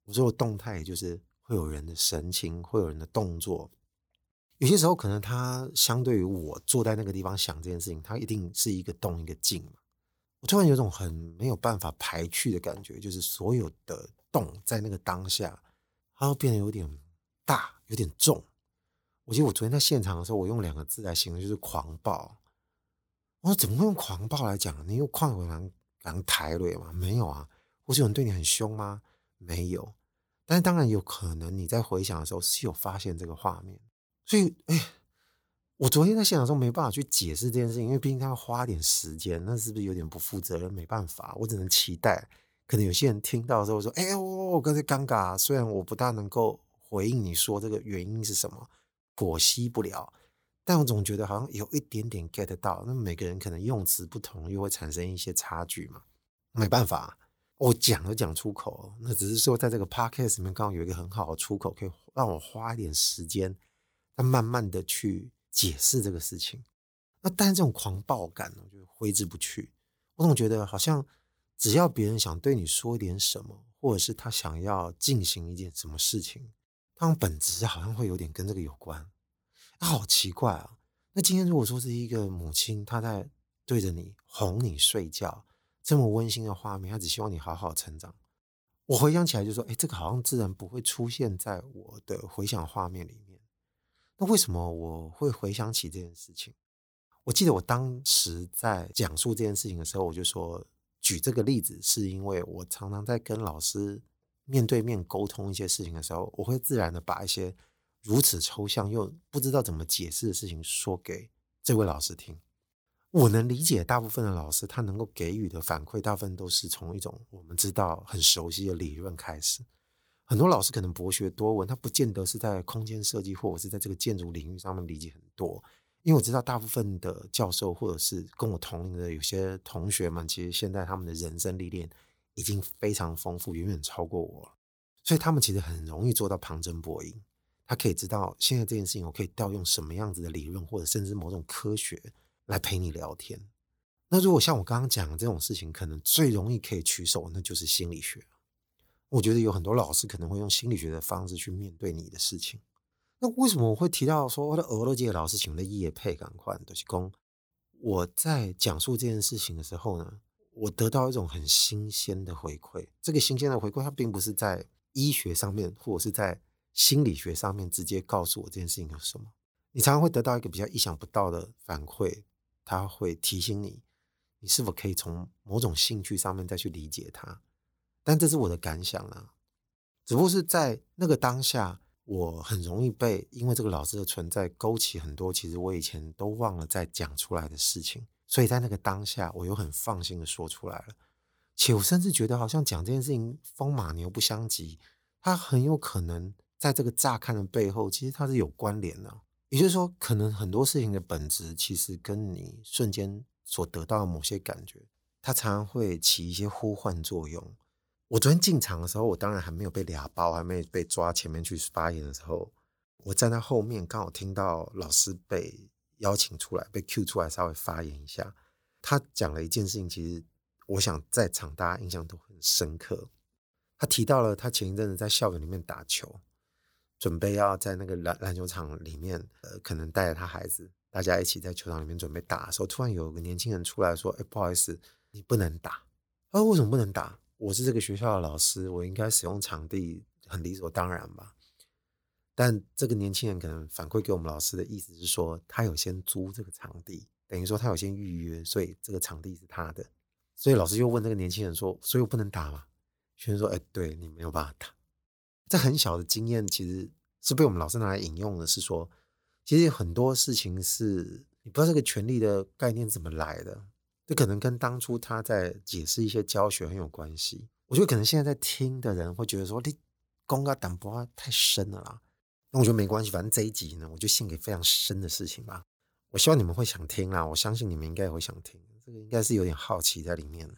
我說的動態，也就是會有人的神情，會有人的動作。有些時候，可能他相對於我坐在那個地方想這件事情，他一定是一個動一個靜嘛。我突然有一種很沒有辦法排去的感覺，就是所有的動在那個當下，它會變得有點大。有點重，我記得我昨天在現場的時候，我用兩個字來形容就是狂暴。我說怎麼會用狂暴來講呢？你用礦泉水瓶抬蕊嗎？沒有啊。主持人對你很兇嗎？沒有。但是當然有可能你在回想的時候是有發現這個畫面。所以，哎，我昨天在現場的時候沒辦法去解釋這件事情，因為畢竟他要花點時間，那是不是有點不負責任，沒辦法，我只能期待，可能有些人聽到之後說：“哎呦，我剛才尷尬。”雖然我不大能夠。回應你說這個原因是什麼，果惜不了。但我總覺得好像有一點點 get 到，那每個人可能用詞不同，又會產生一些差距嘛。沒辦法，我、哦、講了講出口，那只是說在這個 podcast 裡面剛好有一個很好的出口，可以讓我花一點時間，那慢慢的去解釋這個事情。那但是這種狂暴感呢，我覺得揮之不去。我總覺得好像只要別人想對你說點什麼，或者是他想要進行一件什麼事情，他本質好像會有點跟這個有關，啊，好奇怪啊！那今天如果說是一個母親，她在對着你哄你睡覺，這麼溫馨的畫面，她只希望你好好成長。我回想起來就說，哎、欸，這個好像自然不會出現在我的回想畫面裡面。那為什麼我會回想起這件事情？我記得我當時在講述這件事情的時候，我就說舉這個例子是因為我常常在跟老師。面對面溝通一些事情的時候，我會自然地把一些如此抽象又不知道怎麼解釋的事情說給這位老師聽。我能理解，大部分的老師他能夠給予的反饋，大部分都是從一種我們知道很熟悉的理論開始。很多老師可能博學多聞，他不見得是在空間設計或者是在這個建築領域上面理解很多。因為我知道，大部分的教授或者是跟我同齡的有些同學們，其實現在他們的人生歷練。已經非常豐富，遠遠超過我了。所以他們其實很容易做到旁徵博引，他可以知道現在這件事情，我可以調用什麼樣子的理論，或者甚至某種科學來陪你聊天。那如果像我剛剛講的這種事情，可能最容易可以取手，那就是心理學。我覺得有很多老師可能會用心理學的方式去面對你的事情。那為什麼我會提到說我的、哦、俄羅斯老師請業的配佩剛的西工？就是說、我在講述這件事情的時候呢？我得到一種很新鮮的回饋，這個新鮮的回饋，它並不是在醫學上面，或者是在心理學上面直接告訴我這件事情有什麼。你常常會得到一個比較意想不到的反饋，它會提醒你，你是否可以從某種興趣上面再去理解它。但這是我的感想啊，只不過是在那個當下，我很容易被因為這個老師的存在勾起很多其實我以前都忘了再講出來的事情。所以在那個當下，我又很放心地說出來了，且我甚至覺得好像講這件事情風馬牛不相及，它很有可能在這個乍看的背後，其實它是有關聯的。也就是說，可能很多事情的本質，其實跟你瞬間所得到的某些感覺，它常常會起一些呼喚作用。我昨天進場的時候，我當然還沒有被倆包，還沒被抓前面去發言的時候，我站在後面剛好聽到老師被。邀請出來被 Q 出來，稍微發言一下。他講了一件事情，其實我想在場大家印象都很深刻。他提到了他前一陣子在校園裡面打球，準備要在那個籃籃球場裡面，呃，可能帶着他孩子，大家一起在球場裡面準備打的時候，突然有個年輕人出來說：“哎、欸，不好意思，你不能打。哦”“啊，為什麼不能打？我是這個學校的老師，我應該使用場地很理所當然吧？”但這個年輕人可能反饋給我們老師的意思是說，他有先租這個場地，等於說他有先預約，所以這個場地是他的。所以老師又問那個年輕人說：“所以我不能打嗎？”學生說：“哎、欸，對你沒有辦法打。”這很小的經驗其實是被我們老師拿來引用的，是說其實很多事情是你不知道這個權利的概念怎麼來的。這可能跟當初他在解釋一些教學很有關係。我覺得可能現在在聽的人會覺得說：“你公講話太深了啦。”我覺得沒關係，反正這一集呢，我就獻給非常深的事情吧。我希望你們會想聽啊，我相信你們應該也會想聽。這個應該是有點好奇在裡面。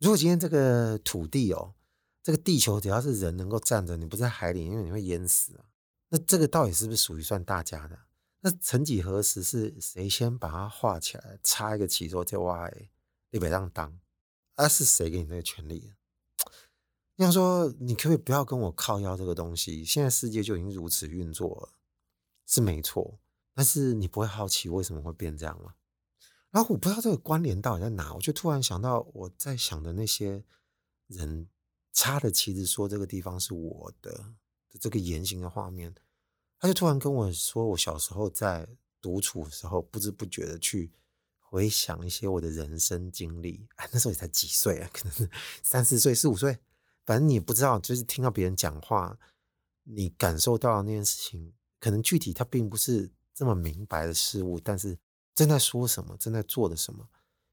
如果今天這個土地哦，這個地球只要是人能夠站着，你不在海裡，因為你會淹死啊。那這個到底是不是屬於算大家的？那曾幾何時是誰先把它畫起來，插一個旗，說這哇，哎，你別讓當？那是誰給你那個權利啊？要說，你可不可以不要跟我靠腰這個東西，現在世界就已經如此運作了，是沒錯。但是你不會好奇為什麼會變這樣嗎？然後我不知道這個關聯到底在哪，我就突然想到我在想的那些人插的旗子，說這個地方是我的的這個言行的畫面，他就突然跟我說，我小時候在獨處的時候不知不覺的去回想一些我的人生經歷。哎，那時候也才幾歲啊，可能是三四歲、四五歲。反正你不知道，就是聽到別人講話，你感受到的那件事情，可能具體他並不是這麼明白的事物，但是正在說什麼，正在做的什麼，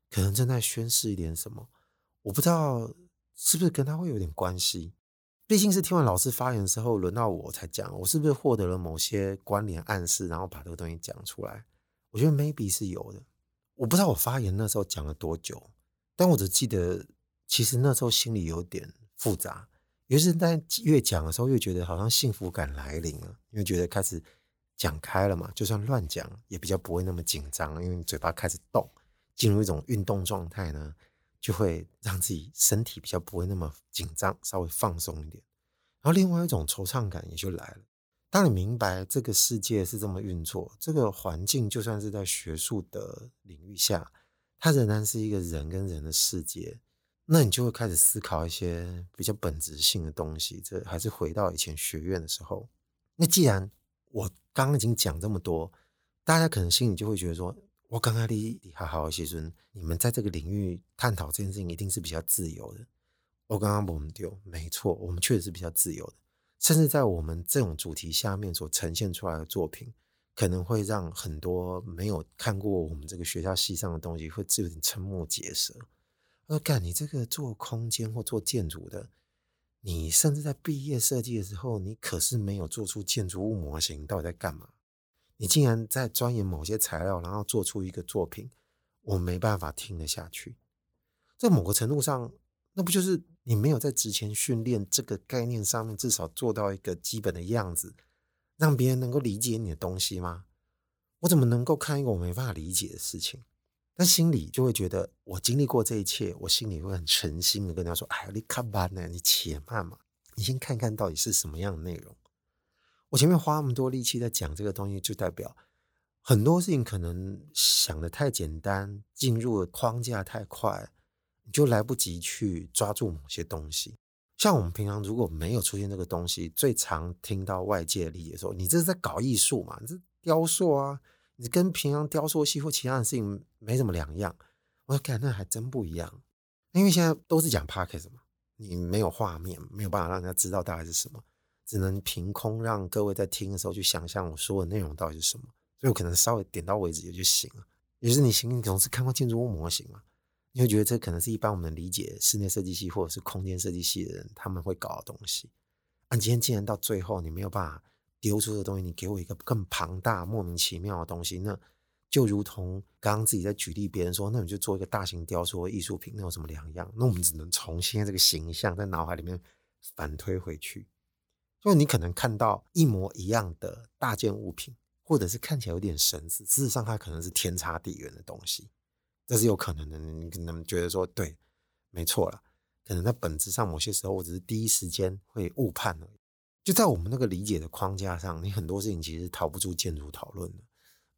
可能正在宣示一點什麼，我不知道是不是跟他會有點關係。畢竟是聽完老師發言之後，輪到我才講，我是不是獲得了某些關聯暗示，然後把這個東西講出來？我覺得 maybe 是有的，我不知道我發言那時候講了多久，但我只記得其實那時候心裡有點複雜，尤其是在越講的時候，越覺得好像幸福感來臨了啊，因為覺得開始講開了嘛，就算亂講也比較不會那麼緊張，因為你嘴巴開始動，進入一種運動狀態呢，就會讓自己身體比較不會那麼緊張，稍微放鬆一點。然後另外一種惆悵感也就來了，當你明白這個世界是這麼運作，這個環境就算是在學術的領域下，它仍然是一個人跟人的世界。那你就會開始思考一些比較本質性的東西。這還是回到以前學院的時候。那既然我剛剛已經講這麼多，大家可能心裡就會覺得說，我剛剛的還好哈、謝尊，你們在這個領域探討這件事情一定是比較自由的。我剛剛們丟，沒錯，我們確實是比較自由的。甚至在我們這種主題下面所呈現出來的作品，可能會讓很多沒有看過我們這個學校系上的東西，會自有點瞠目結舌。我說：“幹，你這個做空間或做建築的，你甚至在畢業設計的時候，你可是沒有做出建築物模型，到底在幹嘛？你竟然在鑽研某些材料，然後做出一個作品，我沒辦法聽得下去。在某個程度上，那不就是你沒有在之前訓練這個概念上面，至少做到一個基本的樣子，讓別人能夠理解你的東西嗎？我怎麼能夠看一個我沒辦法理解的事情？”但心裡就會覺得，我經歷過這一切，我心裡會很誠心的跟人家說：“哎，你看吧，呢，你且慢嘛，你先看看到底是什麼樣的內容。”我前面花那麼多力氣在講這個東西，就代表很多事情可能想得太簡單，進入的框架太快，你就來不及去抓住某些東西。像我們平常如果沒有出現這個東西，最常聽到外界的理解說：“你這是在搞藝術嘛？你這是雕塑啊。”你跟平常雕塑系或其他的事情沒什麼兩樣，我說，感那還真不一樣，因為現在都是講 podcast 嘛，你沒有畫面，沒有辦法讓人家知道大概是什麼，只能憑空讓各位在聽的時候去想象我說的內容到底是什麼，所以我可能稍微點到為止也就行了。也是你心裡總是看過建築物模型嘛，你會覺得這可能是一般我們理解室內設計系或者是空間設計系的人他們會搞的東西。但今天竟然到最後你沒有辦法。丟出的東西，你給我一個更龐大、莫名其妙的東西，那就如同剛剛自己在舉例，別人說，那你就做一個大型雕塑的藝術品，那有什麼兩樣？那我們只能從現在這個形象在腦海裡面反推回去，所以你可能看到一模一樣的大件物品，或者是看起來有點神似，事實上它可能是天差地遠的東西，這是有可能的。你可能覺得說，對，沒錯啦，可能在本質上某些時候，我只是第一時間會誤判就在我們那個理解的框架上，你很多事情其實逃不出建築討論的。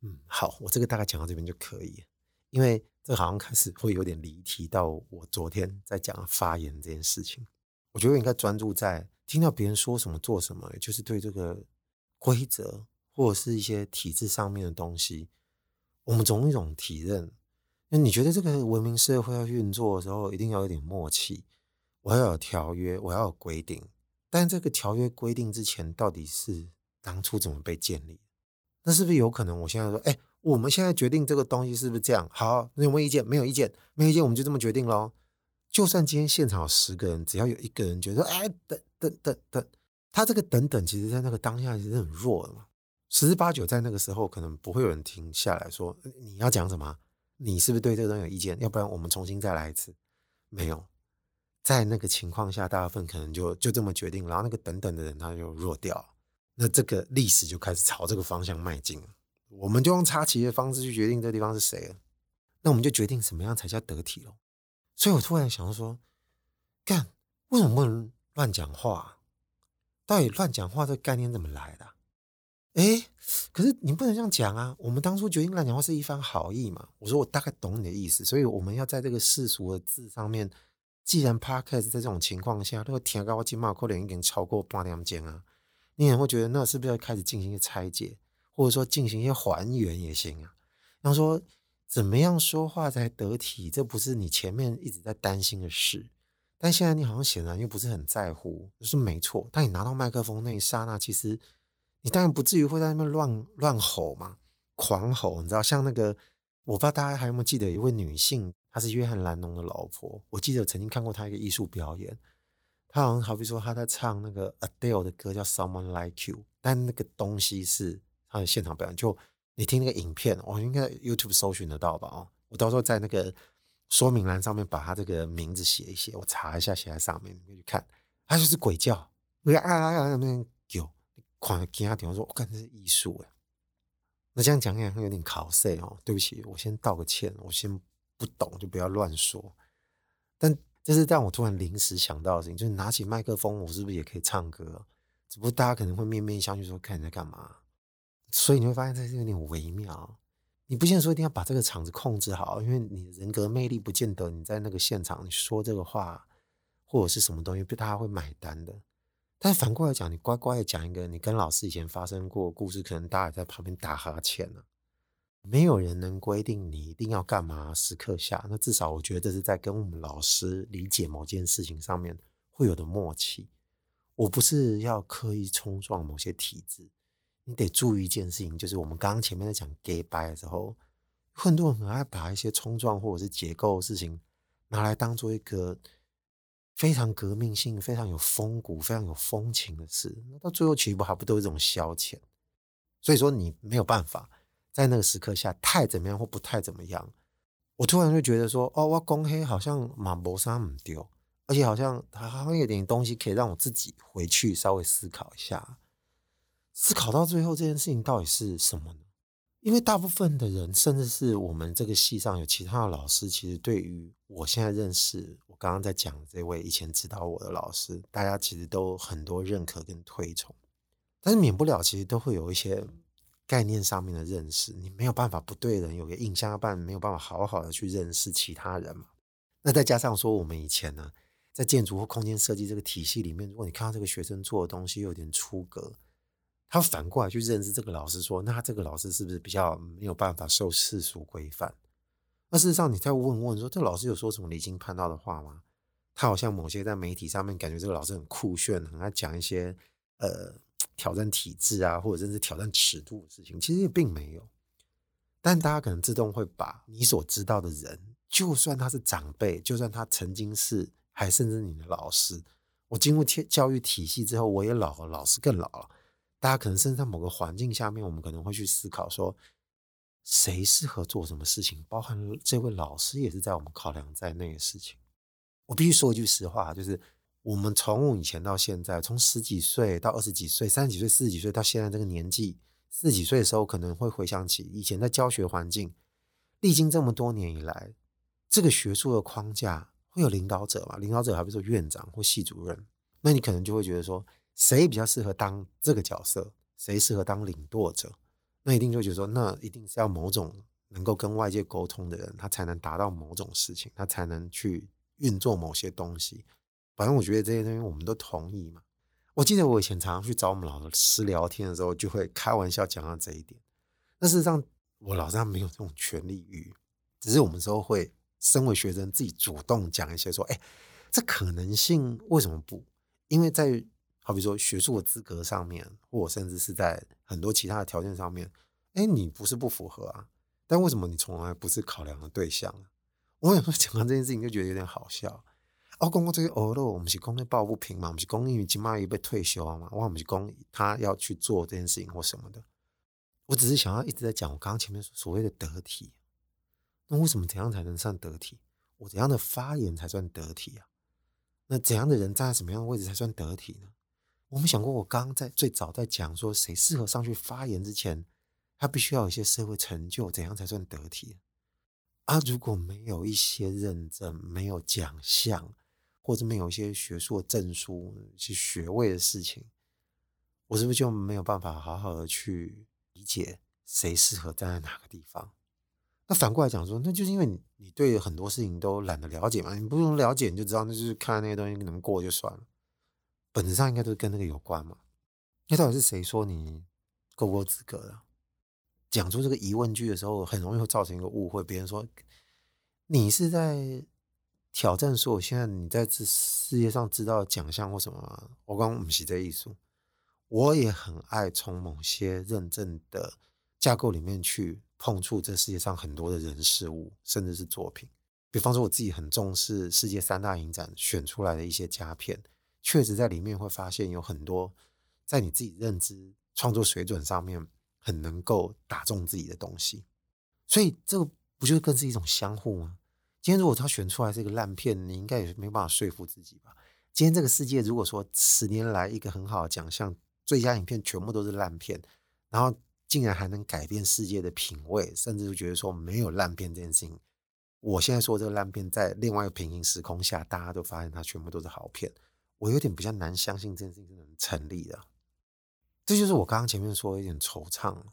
嗯，好，我這個大概講到這邊就可以，因為這好像開始會有點離題到我昨天在講的發言這件事情。我覺得我應該專注在聽到別人說什麼、做什麼，也就是對這個規則或者是一些體制上面的東西，我們總有一種體認。那你覺得這個文明社會要運作的時候，一定要有點默契，我要有條約，我要有規定。但這個條約規定之前，到底是當初怎麼被建立？那是不是有可能？我現在說，哎、欸，我們現在決定這個東西是不是這樣？好，你有沒有意見？沒有意見，沒有意見，我們就這麼決定嘍。就算今天現場有十個人，只要有一個人覺得說，哎、欸，等等等等，他這個等等，其實在那個當下其實很弱的嘛。十之八九，在那個時候可能不會有人停下來說，欸、你要講什麼？你是不是對這個東西有意見？要不然我們重新再來一次？沒有。在那個情況下，大部分可能就就這麼決定，然後那個等等的人他就弱掉，那這個歷史就開始朝這個方向邁進。我們就用插旗的方式去決定這個地方是誰。那我們就決定什麼樣才叫得體了。所以，我突然想到說，幹，為什麼不能亂講話？到底亂講話這個概念怎麼來的啊？哎，可是你不能這樣講啊！我們當初決定亂講話是一番好意嘛。我說我大概懂你的意思，所以我們要在這個世俗的字上面。既然帕克斯在這種情況下，如果提高金馬扣零已經超過八兩件啊，你也會覺得那是不是要開始進行一些拆解，或者說進行一些還原也行啊？然後說怎麼樣說話才得體，這不是你前面一直在擔心的事？但現在你好像顯然又不是很在乎，就是沒錯。但你拿到麥克風那一剎那，其實你當然不至於會在那邊亂亂吼嘛，狂吼，你知道？像那個，我不知道大家還有沒有記得一位女性。她是約翰·蘭儂的老婆。我記得我曾經看過她一個藝術表演，她好像好比說她在唱那個 Adele 的歌，叫《Someone Like You》，但那個東西是她的現場表演。就你聽那個影片，我應該 YouTube 搜尋得到吧？哦，我到時候在那個說明欄上面把她這個名字寫一寫，我查一下寫在上面，你去看。她就是鬼叫，啊啊啊啊！有，狂聽她，我說我看這是藝術、欸、那這樣講講會有點考色哦，對不起，我先道個歉，我先。不懂就不要亂說，但這是讓我突然臨時想到的事情，就是拿起麥克風，我是不是也可以唱歌？只不過大家可能會面面相覷，說看你在幹嘛。所以你會發現這是有點微妙。你不見得說一定要把這個場子控制好，因為你人格魅力不見得你在那個現場你說這個話或者是什麼東西，不是大家會買單的。但是反過來講，你乖乖的講一個你跟老師以前發生過的故事，可能大家也在旁邊打哈欠呢、啊。沒有人能規定你一定要幹嘛，時刻下。那至少我覺得這是在跟我們老師理解某件事情上面會有的默契。我不是要刻意衝撞某些體制。你得注意一件事情，就是我們剛剛前面在講假掰的時候，很多人很愛把一些衝撞或者是結構的事情拿來當做一個非常革命性、非常有風骨、非常有風情的事。那到最後，其實還不都是一種消遣？所以說，你沒有辦法。在那個時刻下，太怎麼樣或不太怎麼樣，我突然就覺得說，哦，我公黑好像馬博山姆丟，而且好像他好像有一點東西可以讓我自己回去稍微思考一下，思考到最後這件事情到底是什麼呢？因為大部分的人，甚至是我們這個系上有其他的老師，其實對於我現在認識，我剛剛在講這位以前指導我的老師，大家其實都很多認可跟推崇，但是免不了其實都會有一些。概念上面的認識，你沒有辦法不對人有個印象辦，不然沒有辦法好好的去認識其他人嘛。那再加上說，我們以前呢、啊，在建築或空間設計這個體系裡面，如果你看到這個學生做的東西有點出格，他反過來去認識這個老師說，說那這個老師是不是比較沒有辦法受世俗規範？那事實上你再問問說，這個、老師有說什麼離經叛道的話嗎？他好像某些在媒體上面感覺這個老師很酷炫，很他講一些呃。挑戰體制啊，或者甚至挑戰尺度的事情，其實也並沒有。但大家可能自動會把你所知道的人，就算他是長輩，就算他曾經是，還甚至你的老師，我經過教教育體系之後，我也老了，老師更老了。大家可能甚至在某個環境下面，我們可能會去思考說，誰適合做什麼事情，包含這位老師也是在我們考量在內的事情。我必須說一句實話，就是。我們從以前到現在，從十幾歲到二十幾歲、三十幾歲、四十幾歲到現在這個年紀，四十幾歲的時候可能會回想起以前在教學環境，歷經這麼多年以來，這個學術的框架會有領導者嘛，領導者，還比如說院長或系主任，那你可能就會覺得說，誰比較適合當這個角色？誰適合當領舵者？那一定就覺得說，那一定是要某種能夠跟外界溝通的人，他才能達到某種事情，他才能去運作某些東西。反正我覺得這些東西我們都同意嘛。我記得我以前常常去找我們老師聊天的時候，就會開玩笑講到這一點。但事實上，我老師他沒有這種權力欲，只是我們時候會身為學生自己主動講一些說：“哎、欸，這可能性為什麼不？因為在好比說學術的資格上面，或者甚至是在很多其他的條件上面，哎、欸，你不是不符合啊，但為什麼你從來不是考量的對象、啊？我有時候講完這件事情就覺得有點好笑。”哦，講過這個哦，肉，我們是公對抱不平嘛？我們是公益，因為有被退休啊嘛。哇，我們是公，他要去做這件事情或什麼的。我只是想要一直在講，我剛剛前面所謂的得體。那為什麼怎樣才能算得體？我怎樣的發言才算得體啊？那怎樣的人站在什麼樣的位置才算得體呢？我沒想過，我剛剛在最早在講說誰適合上去發言之前，他必須要有一些社會成就，怎樣才算得體啊？如果沒有一些認證，沒有獎項。或者沒有一些學術證書、去學位的事情，我是不是就沒有辦法好好的去理解，誰適合站在哪個地方？那反過來講說，那就是因為你，你對很多事情都懶得了解嘛，你不用了解你就知道，那就是看那些東西能過就算了。本質上應該都是跟那個有關嘛。那到底是誰說你夠不夠資格的？講出這個疑問句的時候，很容易會造成一個誤會。別人說你是在。挑戰說：“我現在你在這世界上知道獎項或什麼嗎？”我剛不是這意思，我也很愛從某些認證的架構裡面去碰觸這世界上很多的人事物，甚至是作品。比方說，我自己很重視世界三大影展選出來的一些佳片，確實在裡面會發現有很多在你自己認知創作水準上面很能夠打中自己的東西。所以，這個不就更是跟一種相互嗎？今天如果他選出來是一個爛片，你應該也沒辦法說服自己吧？今天這個世界，如果說十年來一個很好的獎項最佳影片全部都是爛片，然後竟然還能改變世界的品味，甚至覺得說沒有爛片這件事情，我現在說這個爛片在另外一個平行時空下，大家都發現它全部都是好片，我有點比較難相信這件事情能成立的。這就是我剛剛前面說的有點惆悵。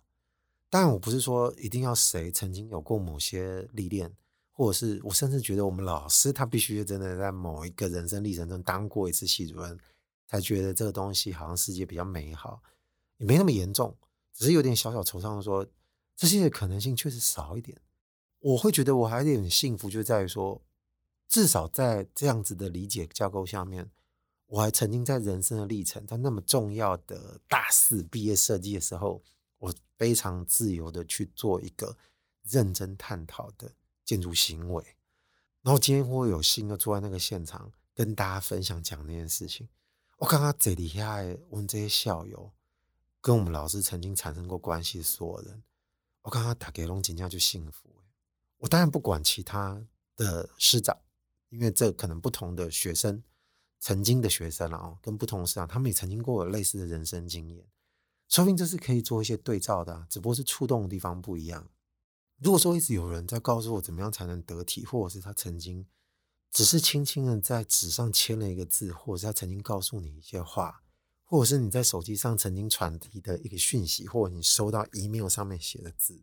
當然，我不是說一定要誰曾經有過某些歷練。或者是我甚至覺得，我們老師他必須真的在某一個人生歷程中當過一次系主任，才覺得這個東西好像世界比較美好，也沒那麼嚴重，只是有點小小惆悵。說這些的可能性確實少一點，我會覺得我還有點幸福，就在於說，至少在這樣子的理解架構下面，我還曾經在人生的歷程，在那麼重要的大四畢業設計的時候，我非常自由的去做一個認真探討的。建築行為，然後今天我有幸坐在那個現場，跟大家分享講那件事情。我剛剛這裡下來問這些校友，跟我們老師曾經產生過關係的所有人，我剛剛打給龍井家就幸福。我當然不管其他的師長，因為這可能不同的學生，曾經的學生了、喔、跟不同師長，他們也曾經過有過類似的人生經驗，說不定這是可以做一些對照的、啊，只不過是觸動的地方不一樣。如果說一直有人在告訴我怎麼樣才能得體，或者是他曾經只是輕輕的在紙上簽了一個字，或者是他曾經告訴你一些話，或者是你在手機上曾經傳遞的一個訊息，或者你收到 email 上面寫的字，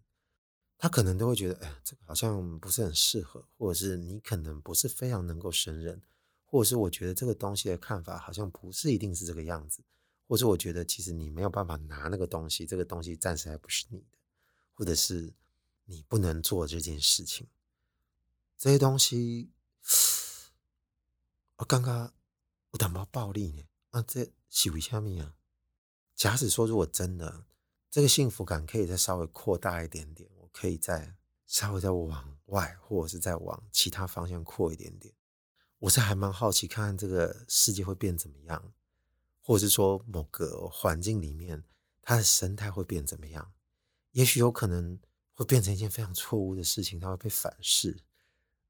他可能都會覺得，哎，這個好像不是很適合，或者是你可能不是非常能夠勝任，或者是我覺得這個東西的看法好像不是一定是這個樣子，或者是我覺得其實你沒有辦法拿那個東西，這個東西暫時還不是你的，或者是。你不能做這件事情，這些東西，我剛剛我談到暴力呢，那、啊、這寫不下命啊。假使說如果真的，這個幸福感可以再稍微擴大一點點，我可以再稍微再往外，或者是再往其他方向擴一點點。我是還蠻好奇，看看這個世界會變怎麼樣，或者是說某個環境裡面它的生態會變怎麼樣，也許有可能。會變成一件非常錯誤的事情，它會被反噬，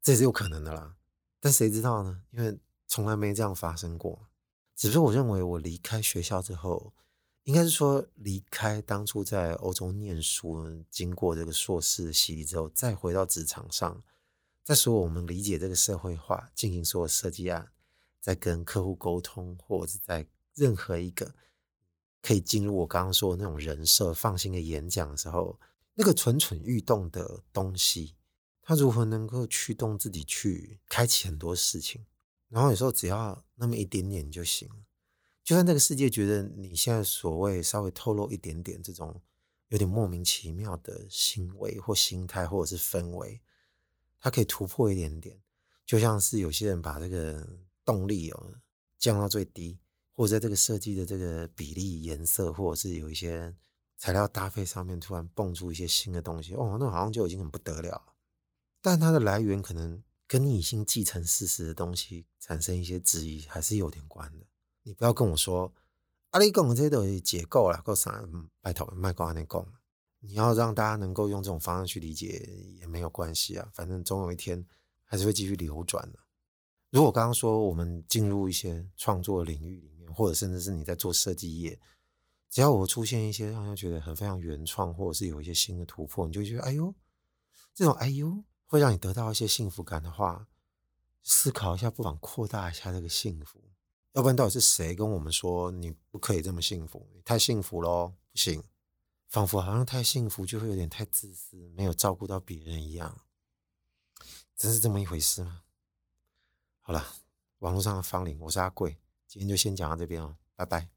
這也是有可能的啦。但誰知道呢？因為從來沒這樣發生過。只是我認為，我離開學校之後，應該是說離開當初在歐洲念書，經過這個碩士洗禮之後，再回到職場上，再說我們理解這個社會化，進行所有設計案，再跟客戶溝通，或者是在任何一個可以進入我剛剛說的那種人設放心的演講的時候。那個蠢蠢欲動的東西，它如何能夠驅動自己去開啟很多事情？然後有時候只要那麼一點點就行了。就算那個世界覺得你現在所謂稍微透露一點點這種有點莫名其妙的行為或心態，或者是氛圍，它可以突破一點點。就像是有些人把這個動力降到最低，或者在這個設計的這個比例、顏色，或者是有一些。材料搭配上面突然蹦出一些新的東西，哦，那好像就已經很不得了了。但它的來源可能跟你已經既成事實的東西產生一些質疑，還是有點關的。你不要跟我說阿里貢這些東西解構了，夠啥？拜托，賣過阿里貢。你要讓大家能夠用這種方式去理解也沒有關係啊，反正總有一天還是會繼續流轉的，啊。如果剛剛說我們進入一些創作領域裡面，或者甚至是你在做設計業。只要我出現一些讓人覺得很非常原創，或者是有一些新的突破，你就覺得哎呦，這種哎呦會讓你得到一些幸福感的話，思考一下，不妨擴大一下這個幸福。要不然，到底是誰跟我們說你不可以這麼幸福？太幸福嘍，不行，仿佛好像太幸福就會有點太自私，沒有照顧到別人一樣。真是這麼一回事嗎？好了，網絡上的芳鄰，我是阿貴，今天就先講到這邊哦，拜拜。